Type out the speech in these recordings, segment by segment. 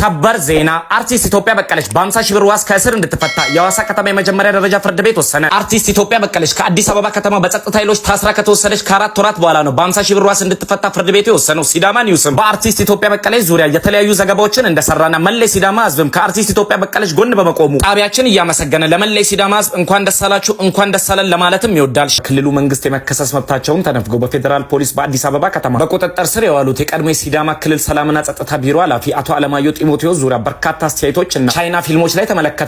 ሰበር ዜና። አርቲስት ኢትዮጵያ በቀለች በ50 ሺህ ብር ዋስ ከእስር እንድትፈታ የሐዋሳ ከተማ የመጀመሪያ ደረጃ ፍርድ ቤት ወሰነ። አርቲስት ኢትዮጵያ በቀለች ከአዲስ አበባ ከተማ በጸጥታ ኃይሎች ታስራ ከተወሰደች ከአራት ወራት በኋላ ነው በ50 ሺህ ብር ዋስ እንድትፈታ ፍርድ ቤቱ የወሰነው። ሲዳማ ኒውስም በአርቲስት ኢትዮጵያ በቀለች ዙሪያ የተለያዩ ዘገባዎችን እንደሰራና መለይ ሲዳማ ህዝብም ከአርቲስት ኢትዮጵያ በቀለች ጎን በመቆሙ ጣቢያችን እያመሰገነ ለመለይ ሲዳማ ህዝብ እንኳን ደሳላችሁ እንኳን ደሳለን ለማለትም ይወዳል። ክልሉ መንግስት የመከሰስ መብታቸውን ተነፍገው በፌዴራል ፖሊስ በአዲስ አበባ ከተማ በቁጥጥር ስር የዋሉት የቀድሞ የሲዳማ ክልል ሰላምና ጸጥታ ቢሮ ኃላፊ አቶ አለማየሁ ጢሞቴዎስ ዙሪያ በርካታ እና ቻይና ፊልሞች ላይ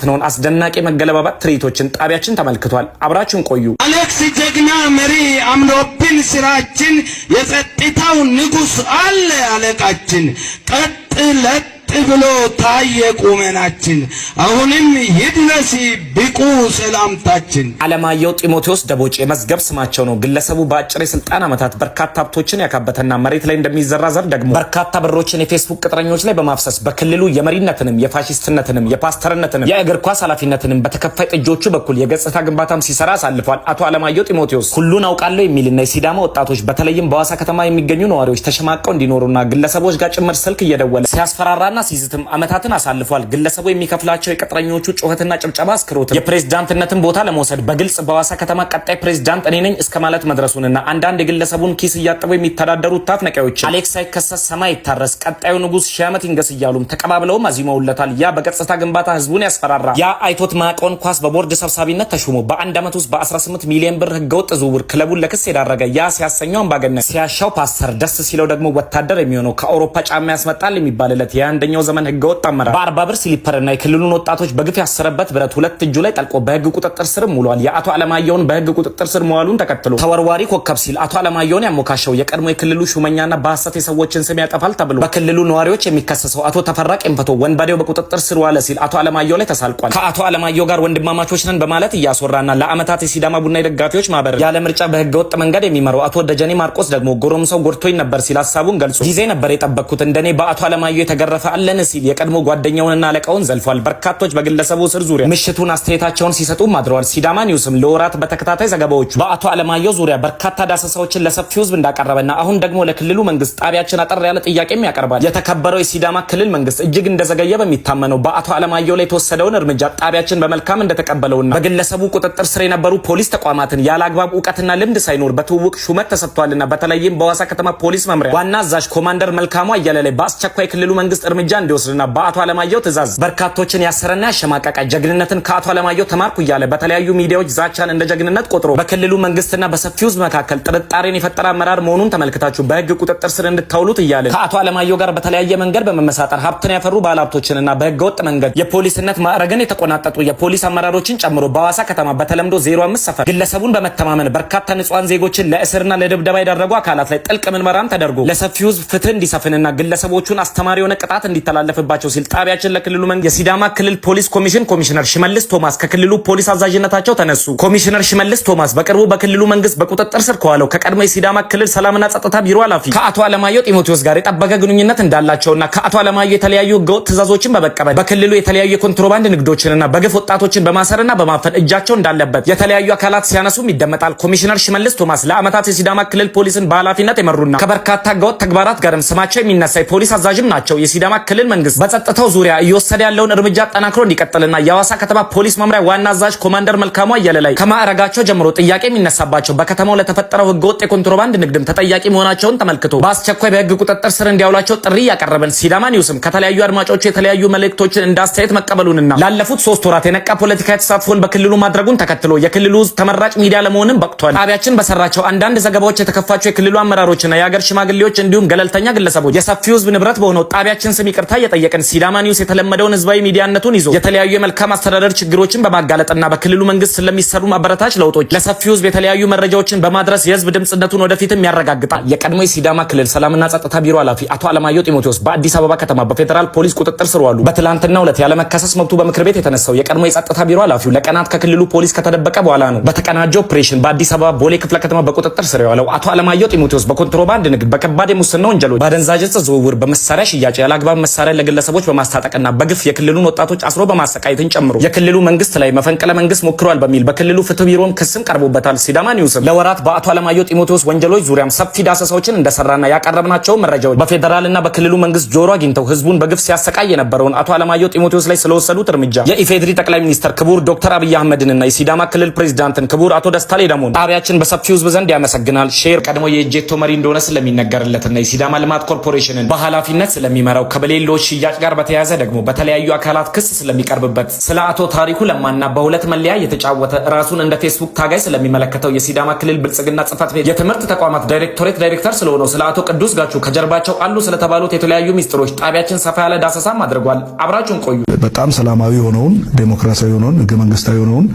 ነውን አስደናቂ መገለባባት ትርኢቶችን ጣቢያችን ተመልክቷል። አብራችን ቆዩ። አሌክስ ጀግና መሪ አምኖብን ስራችን የጸጥታው ንጉስ አለ አለቃችን ቀጥ ለጥ ብሎ ታየ ቁመናችን፣ አሁንም ይድነሲ ብቁ ሰላምታችን። አለማየሁ ጢሞቴዎስ ደቦጭ የመዝገብ ስማቸው ነው። ግለሰቡ በአጭር የስልጣን ዓመታት በርካታ ሀብቶችን ያካበተና መሬት ላይ እንደሚዘራ ዘር ደግሞ በርካታ ብሮችን የፌስቡክ ቅጥረኞች ላይ በማፍሰስ በክልሉ የመሪነትንም የፋሽስትነትንም የፓስተርነትንም የእግር ኳስ ኃላፊነትንም በተከፋይ ጥጆቹ በኩል የገጽታ ግንባታም ሲሰራ አሳልፏል። አቶ አለማየሁ ጢሞቴዎስ ሁሉን አውቃለሁ የሚልና የሲዳማ ወጣቶች በተለይም በዋሳ ከተማ የሚገኙ ነዋሪዎች ተሸማቀው እንዲኖሩና ግለሰቦች ጋር ጭምር ስልክ እየደወለ ሲያስፈራራና ሲዝትም አመታትን አሳልፏል። ግለሰቡ የሚከፍላቸው የቅጥረኞቹ ጩኸትና ጭብጨባ አስክሮት የፕሬዝዳንትነትን ቦታ ለመውሰድ በግልጽ በዋሳ ከተማ ቀጣይ ፕሬዝዳንት እኔ ነኝ እስከ ማለት መድረሱንና አንዳንድ የግለሰቡን ኪስ እያጠቡ የሚተዳደሩ ታፍ ነቂዎች አሌክስ ሳይከሰስ ሰማይ ይታረስ፣ ቀጣዩ ንጉስ ሺህ ዓመት ይንገስ እያሉም ተቀባብለውም አዚመውለታል። ያ በገጽታ ግንባታ ህዝቡን ያስፈራራ ያ አይቶት ማቆን ኳስ በቦርድ ሰብሳቢነት ተሾሞ በአንድ ዓመት ውስጥ በ18 ሚሊዮን ብር ህገወጥ ዝውውር ክለቡን ለክስ የዳረገ ያ ሲያሰኘው አምባገነን ሲያሻው ፓስተር ደስ ሲለው ደግሞ ወታደር የሚሆነው ከአውሮፓ ጫማ ያስመጣል የሚባልለት የአንደኛ በ21ኛው ዘመን ህገወጥ አመራር በአርባ ብር ስሊፐርና የክልሉን ወጣቶች በግፍ ያሰረበት ብረት ሁለት እጁ ላይ ጠልቆ በህግ ቁጥጥር ስር ውሏል። የአቶ አለማየሁን በህግ ቁጥጥር ስር መዋሉን ተከትሎ ተወርዋሪ ኮከብ ሲል አቶ አለማየሁን ያሞካሸው የቀድሞ የክልሉ ሹመኛና በሀሰት የሰዎችን ስም ያጠፋል ተብሎ በክልሉ ነዋሪዎች የሚከሰሰው አቶ ተፈራ ቄንፈቶ ወንበዴው በቁጥጥር ስር ዋለ ሲል አቶ አለማየሁ ላይ ተሳልቋል። ከአቶ አለማየሁ ጋር ወንድማማቾች ነን በማለት እያስወራና ለአመታት የሲዳማ ቡና የደጋፊዎች ማህበር ያለ ምርጫ በህገወጥ መንገድ የሚመራው አቶ ደጀኔ ማርቆስ ደግሞ ጎረምሳው ጎድቶኝ ነበር ሲል ሀሳቡን ገልጾ ጊዜ ነበር የጠበቅኩት እንደኔ በአቶ አለማየሁ የተገረፈ አለ አለን ሲል የቀድሞ ጓደኛውንና አለቃውን ዘልፏል። በርካቶች በግለሰቡ ስር ዙሪያ ምሽቱን አስተያየታቸውን ሲሰጡም አድረዋል። ሲዳማ ኒውስም ለወራት በተከታታይ ዘገባዎቹ በአቶ አለማየሁ ዙሪያ በርካታ ዳሰሳዎችን ለሰፊው ሕዝብ እንዳቀረበና አሁን ደግሞ ለክልሉ መንግስት ጣቢያችን አጠር ያለ ጥያቄም ያቀርባል። የተከበረው የሲዳማ ክልል መንግስት እጅግ እንደዘገየ በሚታመነው በአቶ አለማየሁ ላይ የተወሰደውን እርምጃ ጣቢያችን በመልካም እንደተቀበለውና በግለሰቡ ቁጥጥር ስር የነበሩ ፖሊስ ተቋማትን ያለ አግባብ እውቀትና ልምድ ሳይኖር በትውውቅ ሹመት ተሰጥቷልና በተለይም በዋሳ ከተማ ፖሊስ መምሪያ ዋና አዛዥ ኮማንደር መልካሙ አያሌ ላይ በአስቸኳይ ክልሉ መንግስት እርምጃ እርምጃ እንዲወስድና በአቶ አለማየሁ ትእዛዝ በርካቶችን ያሰረና ያሸማቀቀ ጀግንነትን ከአቶ አለማየሁ ተማርኩ እያለ በተለያዩ ሚዲያዎች ዛቻን እንደ ጀግንነት ቆጥሮ በክልሉ መንግስትና በሰፊው ህዝብ መካከል ጥርጣሬን የፈጠረ አመራር መሆኑን ተመልክታችሁ በህግ ቁጥጥር ስር እንድታውሉት እያለ ከአቶ አለማየሁ ጋር በተለያየ መንገድ በመመሳጠር ሀብትን ያፈሩ ባለሀብቶችንና በህገወጥ መንገድ የፖሊስነት ማዕረግን የተቆናጠጡ የፖሊስ አመራሮችን ጨምሮ በሐዋሳ ከተማ በተለምዶ 05 ሰፈር ግለሰቡን በመተማመን በርካታ ንጹሐን ዜጎችን ለእስርና ለድብደባ የዳረጉ አካላት ላይ ጥልቅ ምርመራም ተደርጎ ለሰፊው ህዝብ ፍትህ እንዲሰፍንና ግለሰቦቹን አስተማሪ የሆነ ቅጣት እንዲተላለፍባቸው ሲል ጣቢያችን ለክልሉ መንግስት የሲዳማ ክልል ፖሊስ ኮሚሽን ኮሚሽነር ሽመልስ ቶማስ ከክልሉ ፖሊስ አዛዥነታቸው ተነሱ። ኮሚሽነር ሽመልስ ቶማስ በቅርቡ በክልሉ መንግስት በቁጥጥር ስር ከዋለው ከቀድሞ የሲዳማ ክልል ሰላምና ጸጥታ ቢሮ ኃላፊ ከአቶ አለማየሁ ጢሞቴዎስ ጋር የጠበቀ ግንኙነት እንዳላቸውና ከአቶ አለማየሁ የተለያዩ ህገወጥ ትእዛዞችን በመቀበል በክልሉ የተለያዩ የኮንትሮባንድ ንግዶችንና በግፍ ወጣቶችን በማሰርና በማፈን እጃቸው እንዳለበት የተለያዩ አካላት ሲያነሱም ይደመጣል። ኮሚሽነር ሽመልስ ቶማስ ለዓመታት የሲዳማ ክልል ፖሊስን በኃላፊነት የመሩና ከበርካታ ህገወጥ ተግባራት ጋርም ስማቸው የሚነሳ የፖሊስ አዛዥም ናቸው። የሲዳማ ክልል መንግስት በጸጥታው ዙሪያ እየወሰደ ያለውን እርምጃ ጠናክሮ እንዲቀጥልና የሐዋሳ ከተማ ፖሊስ መምሪያ ዋና አዛዥ ኮማንደር መልካሙ አየለ ላይ ከማዕረጋቸው ጀምሮ ጥያቄ የሚነሳባቸው በከተማው ለተፈጠረው ህገወጥ የኮንትሮባንድ ንግድም ተጠያቂ መሆናቸውን ተመልክቶ በአስቸኳይ በህግ ቁጥጥር ስር እንዲያውላቸው ጥሪ ያቀረበን ሲዳማ ኒውስም ከተለያዩ አድማጮቹ የተለያዩ መልእክቶችን እንዳስተያየት መቀበሉንና ላለፉት ሶስት ወራት የነቃ ፖለቲካ የተሳትፎን በክልሉ ማድረጉን ተከትሎ የክልሉ ህዝብ ተመራጭ ሚዲያ ለመሆንም በቅቷል። ጣቢያችን በሰራቸው አንዳንድ ዘገባዎች የተከፋቸው የክልሉ አመራሮችና የሀገር ሽማግሌዎች እንዲሁም ገለልተኛ ግለሰቦች የሰፊው ህዝብ ንብረት በሆነው ጣቢያችን ስም ይቅርታ እየጠየቅን ሲዳማ ኒውስ የተለመደውን ህዝባዊ ሚዲያነቱን ይዞ የተለያዩ የመልካም አስተዳደር ችግሮችን በማጋለጥና በክልሉ መንግስት ስለሚሰሩ ማበረታች ለውጦች ለሰፊው ህዝብ የተለያዩ መረጃዎችን በማድረስ የህዝብ ድምጽነቱን ወደፊትም ያረጋግጣል። የቀድሞ የሲዳማ ክልል ሰላምና ጸጥታ ቢሮ ኃላፊ አቶ አለማየሁ ጢሞቴዎስ በአዲስ አበባ ከተማ በፌዴራል ፖሊስ ቁጥጥር ስር ዋሉ። በትላንትናው ዕለት ያለመከሰስ መብቱ በምክር ቤት የተነሳው የቀድሞ የጸጥታ ቢሮ ኃላፊው ለቀናት ከክልሉ ፖሊስ ከተደበቀ በኋላ ነው። በተቀናጀ ኦፕሬሽን በአዲስ አበባ ቦሌ ክፍለ ከተማ በቁጥጥር ስር የዋለው አቶ አለማየሁ ጢሞቴዎስ በኮንትሮባንድ ንግድ፣ በከባድ የሙስና ወንጀሎች፣ በአደንዛዥ ዕፅ ዝውውር፣ በመሳሪያ ሽያጭ፣ ያለአግባብ መሳሪያ ለግለሰቦች በማስታጠቅና በግፍ የክልሉን ወጣቶች አስሮ በማሰቃየትን ጨምሮ የክልሉ መንግስት ላይ መፈንቅለ መንግስት ሞክሯል በሚል በክልሉ ፍትህ ቢሮም ክስም ቀርቦበታል። ሲዳማ ኒውስም ለወራት በአቶ አለማየሁ ጢሞቴዎስ ወንጀሎች ዙሪያም ሰፊ ዳሰሳዎችን እንደሰራና ያቀረብናቸው መረጃዎች በፌዴራልና በክልሉ መንግስት ጆሮ አግኝተው ህዝቡን በግፍ ሲያሰቃይ የነበረውን አቶ አለማየሁ ጢሞቴዎስ ላይ ስለወሰዱት እርምጃ የኢፌድሪ ጠቅላይ ሚኒስተር ክቡር ዶክተር አብይ አህመድንና የሲዳማ ክልል ፕሬዚዳንትን ክቡር አቶ ደስታ ሌዳሞን ጣቢያችን በሰፊው ህዝብ ዘንድ ያመሰግናል። ሼር ቀድሞ የእጀቶ መሪ እንደሆነ ስለሚነገርለትና የሲዳማ ልማት ኮርፖሬሽንን በኃላፊነት ስለሚመራው ከበሌ ከሌሎች ሽያጭ ጋር በተያያዘ ደግሞ በተለያዩ አካላት ክስ ስለሚቀርብበት ስለ አቶ ታሪኩ ለማና በሁለት መለያ የተጫወተ ራሱን እንደ ፌስቡክ ታጋይ ስለሚመለከተው የሲዳማ ክልል ብልጽግና ጽህፈት ቤት የትምህርት ተቋማት ዳይሬክቶሬት ዳይሬክተር ስለሆነው ስለ አቶ ቅዱስ ጋቹ ከጀርባቸው አሉ ስለተባሉት የተለያዩ ሚስጥሮች ጣቢያችን ሰፋ ያለ ዳሰሳም አድርጓል። አብራችሁን ቆዩ። በጣም ሰላማዊ የሆነውን ዴሞክራሲያዊ የሆነውን ህገ መንግስታዊ የሆነውን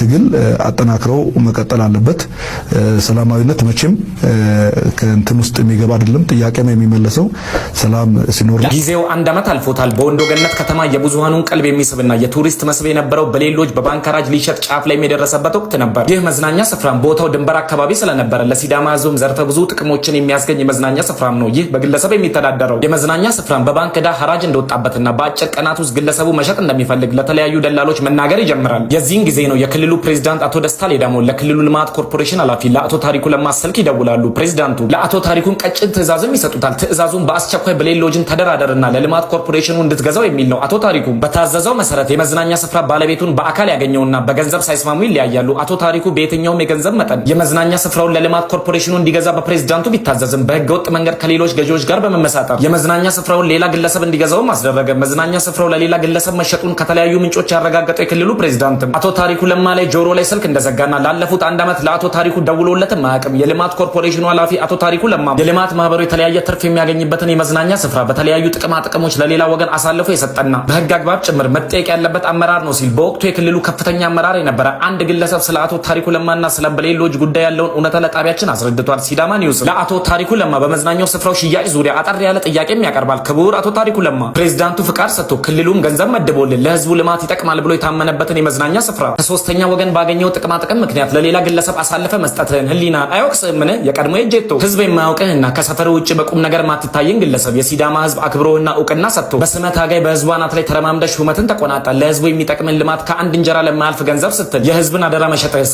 ትግል አጠናክረው መቀጠል አለበት። ሰላማዊነት መቼም ከእንትን ውስጥ የሚገባ አይደለም። ጥያቄ ነው የሚመለሰው ሰላም ሲኖር ጊዜው አንድ ዓመት አልፎታል። በወንዶ ገነት ከተማ የብዙሃኑን ቀልብ የሚስብና የቱሪስት መስብ የነበረው በሌሎች በባንክ ሊሸጥ ጫፍ ላይ የደረሰበት ወቅት ነበር። ይህ መዝናኛ ስፍራም ቦታው ድንበር አካባቢ ስለነበረ ለሲዳማ ሕዝብም ዘርፈ ብዙ ጥቅሞችን የሚያስገኝ የመዝናኛ ስፍራም ነው። ይህ በግለሰብ የሚተዳደረው የመዝናኛ ስፍራም በባንክ ዕዳ ሐራጅ እንደወጣበትና በአጭር ቀናት ውስጥ ግለሰቡ መሸጥ እንደሚፈልግ ለተለያዩ ደላሎች መናገር ይጀምራል። የዚህን ጊዜ ነው የክልሉ ፕሬዚዳንት አቶ ደስታ ሌዳሞ ለክልሉ ልማት ኮርፖሬሽን ኃላፊ ለአቶ ታሪኩ ለማ ስልክ ይደውላሉ። ፕሬዚዳንቱ ለአቶ ታሪኩን ቀጭን ትዕዛዝም ይሰጡታል። ትዕዛዙን በአስቸኳይ በሌሎጅን ተደራደ እንድታደርና ለልማት ኮርፖሬሽኑ እንድትገዛው የሚል ነው። አቶ ታሪኩ በታዘዘው መሰረት የመዝናኛ ስፍራ ባለቤቱን በአካል ያገኘውና በገንዘብ ሳይስማሙ ይለያያሉ። አቶ ታሪኩ በየትኛውም የገንዘብ መጠን የመዝናኛ ስፍራውን ለልማት ኮርፖሬሽኑ እንዲገዛ በፕሬዚዳንቱ ቢታዘዝም በህገ ወጥ መንገድ ከሌሎች ገዢዎች ጋር በመመሳጠር የመዝናኛ ስፍራውን ሌላ ግለሰብ እንዲገዛውም አስደረገ። መዝናኛ ስፍራው ለሌላ ግለሰብ መሸጡን ከተለያዩ ምንጮች ያረጋገጠው የክልሉ ፕሬዚዳንትም አቶ ታሪኩ ለማ ላይ ጆሮ ላይ ስልክ እንደዘጋና ላለፉት አንድ ዓመት ለአቶ ታሪኩ ደውሎለትም አያውቅም። የልማት ኮርፖሬሽኑ ኃላፊ አቶ ታሪኩ ለማ የልማት ማህበሩ የተለያየ ትርፍ የሚያገኝበትን የመዝናኛ ስፍራ በተለያዩ የተለያዩ ጥቅማ ጥቅሞች ለሌላ ወገን አሳልፎ የሰጠና በህግ አግባብ ጭምር መጠየቅ ያለበት አመራር ነው ሲል በወቅቱ የክልሉ ከፍተኛ አመራር የነበረ አንድ ግለሰብ ስለ አቶ ታሪኩ ለማና ስለ በሌሎች ጉዳይ ያለውን እውነታ ለጣቢያችን አስረድቷል። ሲዳማ ኒውስ ለአቶ ታሪኩ ለማ በመዝናኛው ስፍራው ሽያጭ ዙሪያ አጠር ያለ ጥያቄም ያቀርባል። ክቡር አቶ ታሪኩ ለማ ፕሬዚዳንቱ ፍቃድ ሰጥቶ ክልሉም ገንዘብ መድቦልን ለህዝቡ ልማት ይጠቅማል ብሎ የታመነበትን የመዝናኛ ስፍራ ከሶስተኛ ወገን ባገኘው ጥቅማ ጥቅም ምክንያት ለሌላ ግለሰብ አሳልፈ መስጠትህን ህሊና አይወቅስህምን? የቀድሞ የጄቶ ህዝብ የማያውቅህና ከሰፈር ውጭ በቁም ነገር ማትታየን ግለሰብ የሲዳማ ህዝብ አክብሮና እውቅና ሰጥቶ በስመ ታጋይ በህዝቡ አናት ላይ ተረማምደሽ ሹመትን ተቆናጣ። ለህዝቡ የሚጠቅምን ልማት ከአንድ እንጀራ ለማያልፍ ገንዘብ ስትል የህዝብን አደራ መሸጥህስ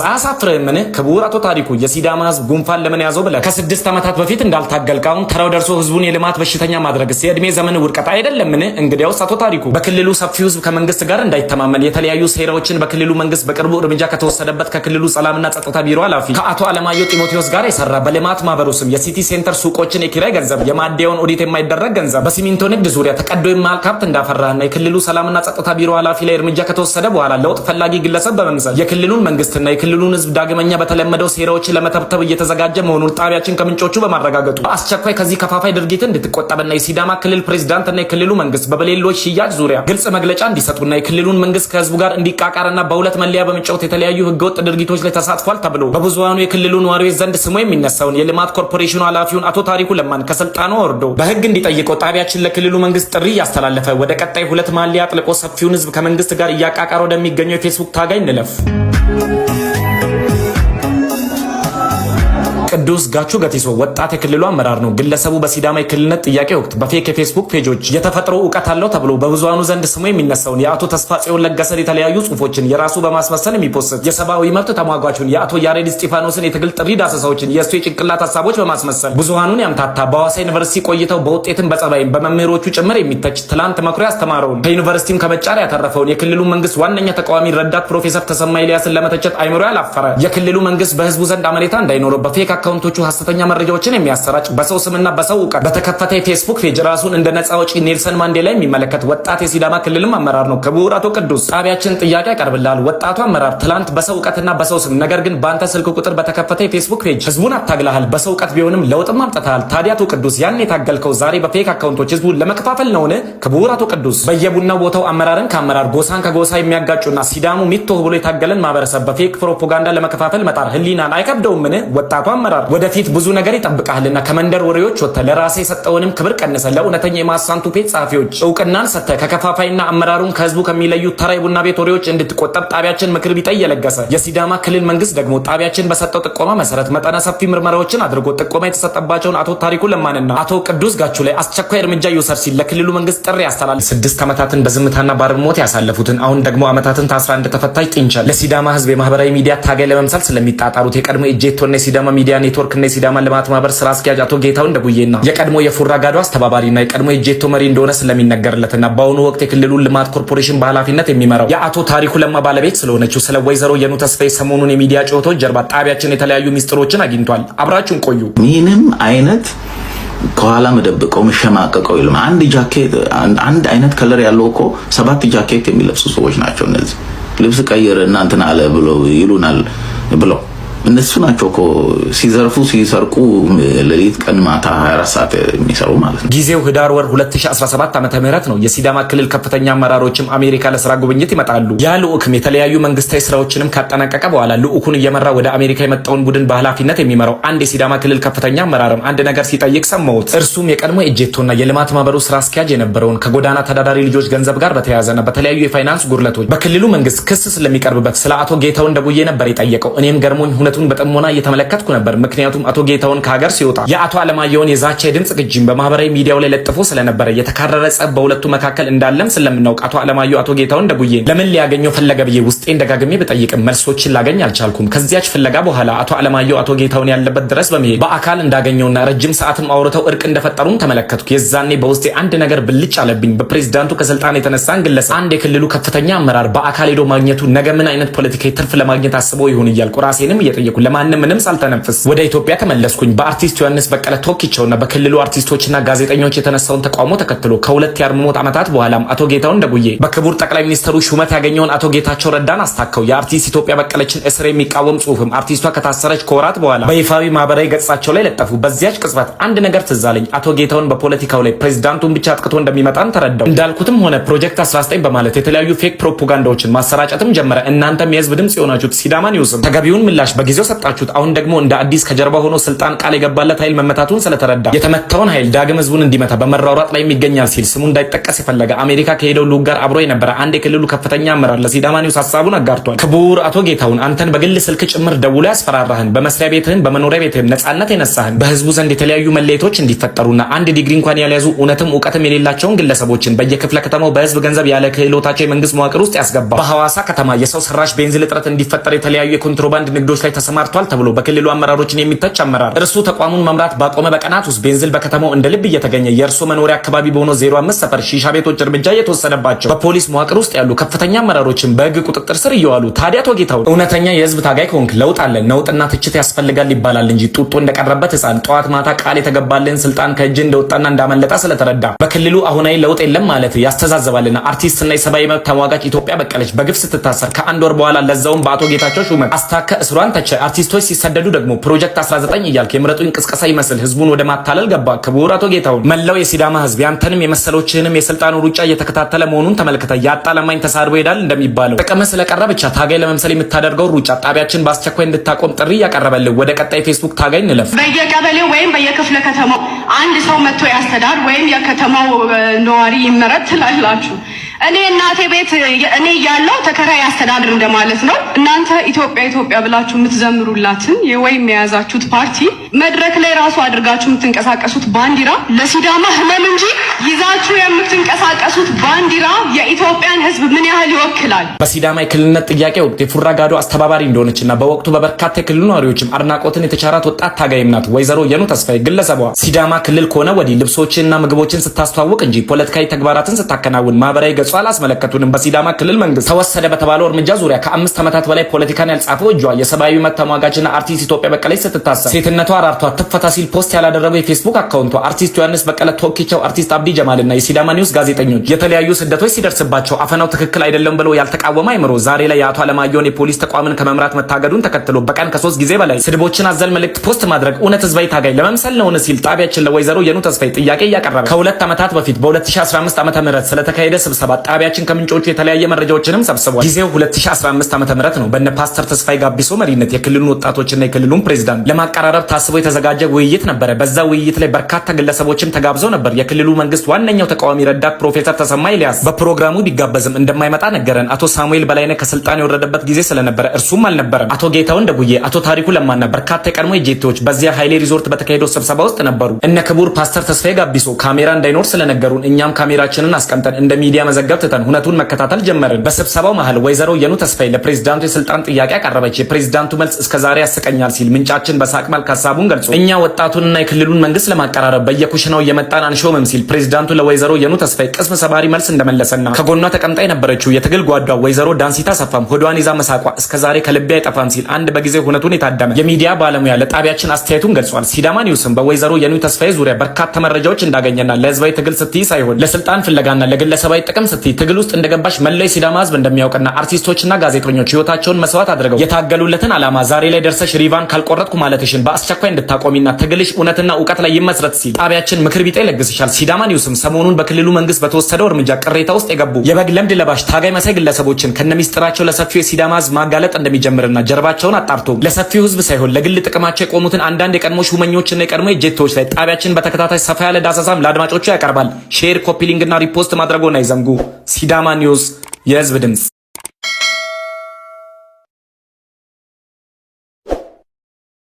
ምን ክቡር አቶ ታሪኩ የሲዳማ ህዝብ ጉንፋን ለምን ያዘው ብለህ ከስድስት ዓመታት በፊት እንዳልታገልክ አሁን ተራው ደርሶ ህዝቡን የልማት በሽተኛ ማድረግስ የእድሜ ዘመን ውድቀት አይደለም? ምን እንግዲያውስ አቶ ታሪኩ በክልሉ ሰፊው ህዝብ ከመንግስት ጋር እንዳይተማመን የተለያዩ ሴራዎችን በክልሉ መንግስት በቅርቡ እርምጃ ከተወሰደበት ከክልሉ ሰላምና ጸጥታ ቢሮ ኃላፊ ከአቶ አለማየሁ ጢሞቴዎስ ጋር የሰራ በልማት ማህበሩ ስም የሲቲ ሴንተር ሱቆችን የኪራይ ገንዘብ የማደያውን ኦዲት የማይደረግ ገንዘብ በሲሚ በሲሚንቶ ንግድ ዙሪያ ተቀዶ የማያልቅ ሀብት እንዳፈራህና የክልሉ ሰላምና ጸጥታ ቢሮ ኃላፊ ላይ እርምጃ ከተወሰደ በኋላ ለውጥ ፈላጊ ግለሰብ በመምሰል የክልሉን መንግስትና የክልሉን ህዝብ ዳግመኛ በተለመደው ሴራዎችን ለመተብተብ እየተዘጋጀ መሆኑን ጣቢያችን ከምንጮቹ በማረጋገጡ በአስቸኳይ ከዚህ ከፋፋይ ድርጊት እንድትቆጠብና የሲዳማ ክልል ፕሬዚዳንትና የክልሉ መንግስት በበሌሎች ሽያጭ ዙሪያ ግልጽ መግለጫ እንዲሰጡና የክልሉን መንግስት ከህዝቡ ጋር እንዲቃቃርና በሁለት መለያ በመጫወት የተለያዩ ህገወጥ ድርጊቶች ላይ ተሳትፏል ተብሎ በብዙሃኑ የክልሉ ነዋሪዎች ዘንድ ስሙ የሚነሳውን የልማት ኮርፖሬሽኑ ኃላፊውን አቶ ታሪኩ ለማን ከስልጣኑ ወርዶ በህግ እንዲጠይቀው ጣቢያችን ሲል ለክልሉ መንግስት ጥሪ እያስተላለፈ ወደ ቀጣይ ሁለት ማሊያ አጥልቆ ሰፊውን ህዝብ ከመንግስት ጋር እያቃቃረ ወደሚገኘው የፌስቡክ ታጋይ እንለፍ። ቅዱስ ጋቹ ገቲሶ ወጣት የክልሉ አመራር ነው። ግለሰቡ በሲዳማ የክልልነት ጥያቄ ወቅት በፌክ የፌስቡክ ፔጆች የተፈጥሮ እውቀት አለው ተብሎ በብዙሃኑ ዘንድ ስሙ የሚነሳውን የአቶ ተስፋ ጽዮን ለገሰን የተለያዩ ጽሁፎችን የራሱ በማስመሰል የሚፖስት የሰብአዊ መብት ተሟጓቹን የአቶ ያሬድ እስጢፋኖስን የትግል ጥሪ ዳሰሳዎችን የእሱ የጭንቅላት ሀሳቦች በማስመሰል ብዙሃኑን ያምታታ በሐዋሳ ዩኒቨርሲቲ ቆይተው በውጤትም በጸባይም በመምህሮቹ ጭምር የሚተች ትላንት መክሮ ያስተማረውን ከዩኒቨርሲቲም ከመጫር ያተረፈውን የክልሉ መንግስት ዋነኛ ተቃዋሚ ረዳት ፕሮፌሰር ተሰማ ኤልያስን ለመተቸት አይምሮ ያላፈረ የክልሉ መንግስት በህዝቡ ዘንድ አመኔታ እንዳይኖረው በፌክ አካውንቶቹ ሀሰተኛ መረጃዎችን የሚያሰራጭ በሰው ስምና በሰው እውቀት በተከፈተ የፌስቡክ ፔጅ ራሱን እንደ ነጻ አውጪ ኔልሰን ማንዴላ የሚመለከት ወጣት የሲዳማ ክልልም አመራር ነው። ክቡር አቶ ቅዱስ ጣቢያችን ጥያቄ ያቀርብልሃል። ወጣቱ አመራር ትላንት በሰው እውቀትና በሰው ስም ነገር ግን በአንተ ስልክ ቁጥር በተከፈተ የፌስቡክ ፔጅ ህዝቡን አታግላሃል። በሰው እውቀት ቢሆንም ለውጥም አምጥተሃል። ታዲያ አቶ ቅዱስ ያን የታገልከው ዛሬ በፌክ አካውንቶች ህዝቡን ለመከፋፈል ነውን? ክቡር አቶ ቅዱስ በየቡና ቦታው አመራርን ከአመራር ጎሳን ከጎሳ የሚያጋጩና ሲዳሙ ሚቶ ብሎ የታገለን ማህበረሰብ በፌክ ፕሮፓጋንዳ ለመከፋፈል መጣር ህሊናን አይከብደውምን? ወጣቱ አመራር ወደፊት ብዙ ነገር ይጠብቃልና ከመንደር ወሬዎች ወጥተህ ለራሴ የሰጠውንም ክብር ቀንሰ ለእውነተኛ የማሳንቱ ፔት ጸሐፊዎች እውቅናን ሰጥተህ ከከፋፋይና አመራሩን ከህዝቡ ከሚለዩ ተራ ቡና ቤት ወሬዎች እንድትቆጠብ ጣቢያችን ምክር ቢጠይ የለገሰ የሲዳማ ክልል መንግስት ደግሞ ጣቢያችን በሰጠው ጥቆማ መሰረት መጠነ ሰፊ ምርመራዎችን አድርጎ ጥቆማ የተሰጠባቸውን አቶ ታሪኩ ለማንና አቶ ቅዱስ ጋቹ ላይ አስቸኳይ እርምጃ ይውሰድ ሲል ለክልሉ መንግስት ጥሪ ያስተላል። ስድስት ዓመታትን በዝምታና ባርሞት ያሳለፉትን አሁን ደግሞ ዓመታትን ታስራ እንደተፈታች ጥንቸል ለሲዳማ ህዝብ የማህበራዊ ሚዲያ ታጋይ ለመምሰል ስለሚጣጣሩት የቀድሞ እጄቶና የሲዳማ ሚዲያ ሚዲያ እና የሲዳማ ልማት ማህበር ስራ አስኪያጅ አቶ ጌታው እንደጉዬና የቀድሞ የፉራ ጋዶ አስተባባሪና የቀድሞ የጄቶ መሪ እንደሆነ ስለሚነገርለትና በአሁኑ ወቅት የክልሉን ልማት ኮርፖሬሽን በኃላፊነት የሚመራው የአቶ ታሪኩ ለማ ባለቤት ስለሆነችው ስለ ወይዘሮ የኑ ተስፋዬ ሰሞኑን የሚዲያ ጨዋታዎች ጀርባ ጣቢያችን የተለያዩ ሚስጥሮችን አግኝቷል። አብራችሁን ቆዩ። ምንም አይነት ከኋላ መደብቀው መሸማቀቀው ይልማ አንድ ጃኬት አንድ አይነት ከለር ያለው እኮ ሰባት ጃኬት የሚለብሱ ሰዎች ናቸው እነዚህ። ልብስ ቀይር እናንትን አለ ብሎ ይሉናል ብለው እነሱ ናቸው እኮ ሲዘርፉ ሲሰርቁ ሌሊት ቀን ማታ 24 ሰዓት የሚሰሩ ማለት ነው። ጊዜው ህዳር ወር 2017 ዓ ም ነው። የሲዳማ ክልል ከፍተኛ አመራሮችም አሜሪካ ለስራ ጉብኝት ይመጣሉ። ያ ልዑክም የተለያዩ መንግስታዊ ስራዎችንም ካጠናቀቀ በኋላ ልዑኩን እየመራ ወደ አሜሪካ የመጣውን ቡድን በኃላፊነት የሚመራው አንድ የሲዳማ ክልል ከፍተኛ አመራርም አንድ ነገር ሲጠይቅ ሰማሁት። እርሱም የቀድሞ የእጄቶና የልማት ማህበሩ ስራ አስኪያጅ የነበረውን ከጎዳና ተዳዳሪ ልጆች ገንዘብ ጋር በተያያዘና በተለያዩ የፋይናንስ ጉድለቶች በክልሉ መንግስት ክስ ስለሚቀርብበት ስለ አቶ ጌታው ደጉዬ ነበር የጠየቀው። እኔም ገርሞኝ እውነቱን በጥሞና እየተመለከትኩ ነበር። ምክንያቱም አቶ ጌታውን ከሀገር ሲወጣ የአቶ አለማየሁን የዛቻ የድምፅ ቅጂን በማህበራዊ ሚዲያው ላይ ለጥፎ ስለነበረ የተካረረ ጸብ በሁለቱ መካከል እንዳለም ስለምናውቅ አቶ አለማየሁ አቶ ጌታሁን እንደጉዬ ለምን ሊያገኘው ፈለገ ብዬ ውስጤን ደጋግሜ ብጠይቅም መልሶችን ላገኝ አልቻልኩም። ከዚያች ፍለጋ በኋላ አቶ አለማየሁ አቶ ጌታውን ያለበት ድረስ በመሄድ በአካል እንዳገኘውና ረጅም ሰዓትም አውርተው እርቅ እንደፈጠሩም ተመለከትኩ። የዛኔ በውስጤ አንድ ነገር ብልጭ አለብኝ። በፕሬዚዳንቱ ከስልጣን የተነሳን ግለሰብ አንድ የክልሉ ከፍተኛ አመራር በአካል ሄዶ ማግኘቱ ነገ ምን አይነት ፖለቲካዊ ትርፍ ለማግኘት አስበው ይሆን እያልኩ ራሴንም የጠየኩ ለማንም ምንም ሳልተነፍስ ወደ ኢትዮጵያ ተመለስኩኝ። በአርቲስት ዮሐንስ በቀለ ቶኪቸውና በክልሉ አርቲስቶችና ጋዜጠኞች የተነሳውን ተቃውሞ ተከትሎ ከሁለት የአርምሞት ዓመታት በኋላም አቶ ጌታሁን ደጉዬ በክቡር ጠቅላይ ሚኒስትሩ ሹመት ያገኘውን አቶ ጌታቸው ረዳን አስታከው የአርቲስት ኢትዮጵያ በቀለችን እስር የሚቃወም ጽሁፍም አርቲስቷ ከታሰረች ከወራት በኋላ በይፋዊ ማህበራዊ ገጻቸው ላይ ለጠፉ። በዚያች ቅጽበት አንድ ነገር ትዛለኝ። አቶ ጌታሁን በፖለቲካው ላይ ፕሬዚዳንቱን ብቻ አጥቅቶ እንደሚመጣን ተረዳው። እንዳልኩትም ሆነ ፕሮጀክት 19 በማለት የተለያዩ ፌክ ፕሮፓጋንዳዎችን ማሰራጨትም ጀመረ። እናንተም የህዝብ ድምጽ የሆናችሁት ሲዳማ ኒውስም ተገቢውን ምላሽ በጊዜው ሰጣችሁት። አሁን ደግሞ እንደ አዲስ ከጀርባ ሆኖ ስልጣን ቃል የገባለት ኃይል መመታቱን ስለተረዳ የተመታውን ኃይል ዳግም ህዝቡን እንዲመታ በመራራጥ ላይ ይገኛል ሲል ስሙ እንዳይጠቀስ የፈለገ አሜሪካ ከሄደው ልዑክ ጋር አብሮ የነበረ አንድ የክልሉ ከፍተኛ አመራር ለሲዳማ ኒውስ ሀሳቡን አጋርቷል። ክቡር አቶ ጌታሁን አንተን በግል ስልክ ጭምር ደውሎ ያስፈራራህን፣ በመስሪያ ቤትህን፣ በመኖሪያ ቤትህን ነጻነት የነሳህን፣ በህዝቡ ዘንድ የተለያዩ መለየቶች እንዲፈጠሩና አንድ ዲግሪ እንኳን ያልያዙ እውነትም እውቀትም የሌላቸውን ግለሰቦችን በየክፍለ ከተማው በህዝብ ገንዘብ ያለ ክህሎታቸው የመንግስት መዋቅር ውስጥ ያስገባ፣ በሐዋሳ ከተማ የሰው ሰራሽ ቤንዚን እጥረት እንዲፈጠር የተለያዩ የኮንትሮባንድ ንግዶች ላይ ተሰማርቷል ተብሎ በክልሉ አመራሮችን የሚተች አመራር እርሱ ተቋሙን መምራት ባቆመ በቀናት ውስጥ ቤንዚል በከተማው እንደ ልብ እየተገኘ የእርሶ መኖሪያ አካባቢ በሆነው 05 ሰፈር ሺሻ ቤቶች እርምጃ እየተወሰደባቸው በፖሊስ መዋቅር ውስጥ ያሉ ከፍተኛ አመራሮችን በህግ ቁጥጥር ስር እየዋሉ ታዲያ አቶ ጌታሁን እውነተኛ የህዝብ ታጋይ ከሆንክ ለውጥ አለ ነውጥና ትችት ያስፈልጋል ይባላል እንጂ ጡጦ እንደቀረበት ህፃን ጠዋት ማታ ቃል የተገባልን ስልጣን ከእጅ እንደወጣና እንዳመለጣ ስለተረዳ በክልሉ አሁናዊ ለውጥ የለም ማለት ያስተዛዘባልና አርቲስትና የሰብአዊ መብት ተሟጋች ኢትዮጵያ በቀለች በግፍ ስትታሰር ከአንድ ወር በኋላ ለዛውም በአቶ ጌታቸው ሹመት አስታከ እስሯን ተች አርቲስቶች ሲሰደዱ ደግሞ ፕሮጀክት 19 እያልክ የምረጡ እንቅስቃሴ ይመስል ህዝቡን ወደ ማታለል ገባ። ክቡር አቶ ጌታሁን መላው የሲዳማ ህዝብ ያንተንም የመሰሎችህንም የስልጣኑ ሩጫ እየተከታተለ መሆኑን ተመልክተ ያጣ ለማኝ ተሳድቦ ይሄዳል እንደሚባለው ጥቅም ስለቀረ ብቻ ታጋይ ለመምሰል የምታደርገው ሩጫ ጣቢያችን በአስቸኳይ እንድታቆም ጥሪ ያቀረበልህ። ወደ ቀጣይ ፌስቡክ ታጋይ እንለፍ። በየቀበሌው ወይም በየክፍለ ከተማው አንድ ሰው መጥቶ ያስተዳድ ወይም የከተማው ነዋሪ ይመረጥ ትላላችሁ። እኔ እናቴ ቤት እኔ ያለው ተከራይ አስተዳደር እንደማለት ነው። እናንተ ኢትዮጵያ ኢትዮጵያ ብላችሁ የምትዘምሩላትን ወይም የያዛችሁት ፓርቲ መድረክ ላይ ራሱ አድርጋችሁ የምትንቀሳቀሱት ባንዲራ ለሲዳማ ህመም እንጂ ይዛችሁ የምትንቀሳቀሱት ባንዲራ የኢትዮጵያን ህዝብ ምን ያህል ይወክላል? በሲዳማ የክልልነት ጥያቄ ወቅት የፉራ ጋዶ አስተባባሪ እንደሆነች እና በወቅቱ በበርካታ የክልሉ ነዋሪዎችም አድናቆትን የተቻራት ወጣት ታጋይም ናት ወይዘሮ የኑ ተስፋዬ። ግለሰቧ ሲዳማ ክልል ከሆነ ወዲህ ልብሶችንና ምግቦችን ስታስተዋውቅ እንጂ ፖለቲካዊ ተግባራትን ስታከናውን ማህበራዊ እንደገለጹ አላስመለከቱንም። በሲዳማ ክልል መንግስት ተወሰደ በተባለው እርምጃ ዙሪያ ከአምስት ዓመታት በላይ ፖለቲካን ያልጻፈው እጇ የሰብአዊ መብት ተሟጋችና አርቲስት ኢትዮጵያ በቀለች ስትታሰር ሴትነቷ አራርቷ ትፈታ ሲል ፖስት ያላደረገው የፌስቡክ አካውንቷ አርቲስት ዮሐንስ በቀለ ቶኪቻው፣ አርቲስት አብዲ ጀማል እና የሲዳማ ኒውስ ጋዜጠኞች የተለያዩ ስደቶች ሲደርስባቸው አፈናው ትክክል አይደለም ብለው ያልተቃወመ አይምሮ ዛሬ ላይ የአቶ አለማየሁን የፖሊስ ተቋምን ከመምራት መታገዱን ተከትሎ በቀን ከሶስት ጊዜ በላይ ስድቦችን አዘል መልእክት ፖስት ማድረግ እውነት ህዝባዊ ታጋይ ለመምሰል ነውን ሲል ጣቢያችን ለወይዘሮ የኑ ተስፋይ ጥያቄ እያቀረበ ከሁለት ዓመታት በፊት በ2015 ዓ ም ስለተካሄደ ስብሰባ ጣቢያችን ከምንጮቹ የተለያየ መረጃዎችንም ሰብስቧል። ጊዜው 2015 ዓ ም ነው። በነ ፓስተር ተስፋዬ ጋቢሶ መሪነት የክልሉን ወጣቶችና የክልሉን ፕሬዚዳንት ለማቀራረብ ታስቦ የተዘጋጀ ውይይት ነበረ። በዛ ውይይት ላይ በርካታ ግለሰቦችም ተጋብዘው ነበር። የክልሉ መንግስት ዋነኛው ተቃዋሚ ረዳት ፕሮፌሰር ተሰማ ኤልያስ በፕሮግራሙ ቢጋበዝም እንደማይመጣ ነገረን። አቶ ሳሙኤል በላይነህ ከስልጣን የወረደበት ጊዜ ስለነበረ እርሱም አልነበረም። አቶ ጌታው እንደጉዬ፣ አቶ ታሪኩ ለማና በርካታ የቀድሞ የጄቴዎች በዚያ ኃይሌ ሪዞርት በተካሄደው ስብሰባ ውስጥ ነበሩ። እነ ክቡር ፓስተር ተስፋዬ ጋቢሶ ካሜራ እንዳይኖር ስለነገሩን እኛም ካሜራችንን አስቀምጠን እንደ ሚዲያ መዘገ ገብተን ሁነቱን መከታተል ጀመርን። በስብሰባው መሃል ወይዘሮ የኑ ተስፋዬ ለፕሬዚዳንቱ የስልጣን ጥያቄ አቀረበች። የፕሬዚዳንቱ መልስ እስከዛሬ ያስቀኛል ሲል ምንጫችን በሳቅ መልክ ሀሳቡን ገልጾ እኛ ወጣቱንና የክልሉን መንግስት ለማቀራረብ በየኩሽናው እየመጣን አንሾምም ሲል ፕሬዚዳንቱ ለወይዘሮ የኑ ተስፋዬ ቅስም ሰባሪ መልስ እንደመለሰና ከጎኗ ተቀምጣ የነበረችው የትግል ጓዷ ወይዘሮ ዳንሲታ ሰፋም ሆዷን ይዛ መሳቋ እስከዛሬ ከልቤ አይጠፋም ሲል አንድ በጊዜ ሁነቱን የታደመ የሚዲያ ባለሙያ ለጣቢያችን አስተያየቱን ገልጿል። ሲዳማ ኒውስም በወይዘሮ የኑ ተስፋዬ ዙሪያ በርካታ መረጃዎች እንዳገኘና ለህዝባዊ ትግል ስትይ ሳይሆን ለስልጣን ፍለጋና ለግለሰባዊ ጥቅም ስትይ ትግል ውስጥ እንደገባሽ መለይ ሲዳማ ህዝብ እንደሚያውቅና አርቲስቶችና ጋዜጠኞች ህይወታቸውን መስዋዕት አድርገው የታገሉለትን ዓላማ ዛሬ ላይ ደርሰሽ ሪቫን ካልቆረጥኩ ማለትሽን በአስቸኳይ እንድታቆሚና ትግልሽ እውነትና እውቀት ላይ ይመስረት ሲል ጣቢያችን ምክር ቢጤ ይለግስሻል። ሲዳማ ኒውስም ሰሞኑን በክልሉ መንግስት በተወሰደው እርምጃ ቅሬታ ውስጥ የገቡ የበግ ለምድ ለባሽ ታጋይ መሳይ ግለሰቦችን ከነሚስጥራቸው ለሰፊው የሲዳማ ህዝብ ማጋለጥ እንደሚጀምርና ጀርባቸውን አጣርቶ ለሰፊው ህዝብ ሳይሆን ለግል ጥቅማቸው የቆሙትን አንዳንድ የቀድሞ ሹመኞችና የቀድሞ የጄቶዎች ላይ ጣቢያችን በተከታታይ ሰፋ ያለ ዳሰሳም ለአድማጮቹ ያቀርባል። ሼር፣ ኮፒሊንግና ሪፖስት ማድረጎን አይዘንጉ። ሲዳማ ኒውስ የህዝብ ድምፅ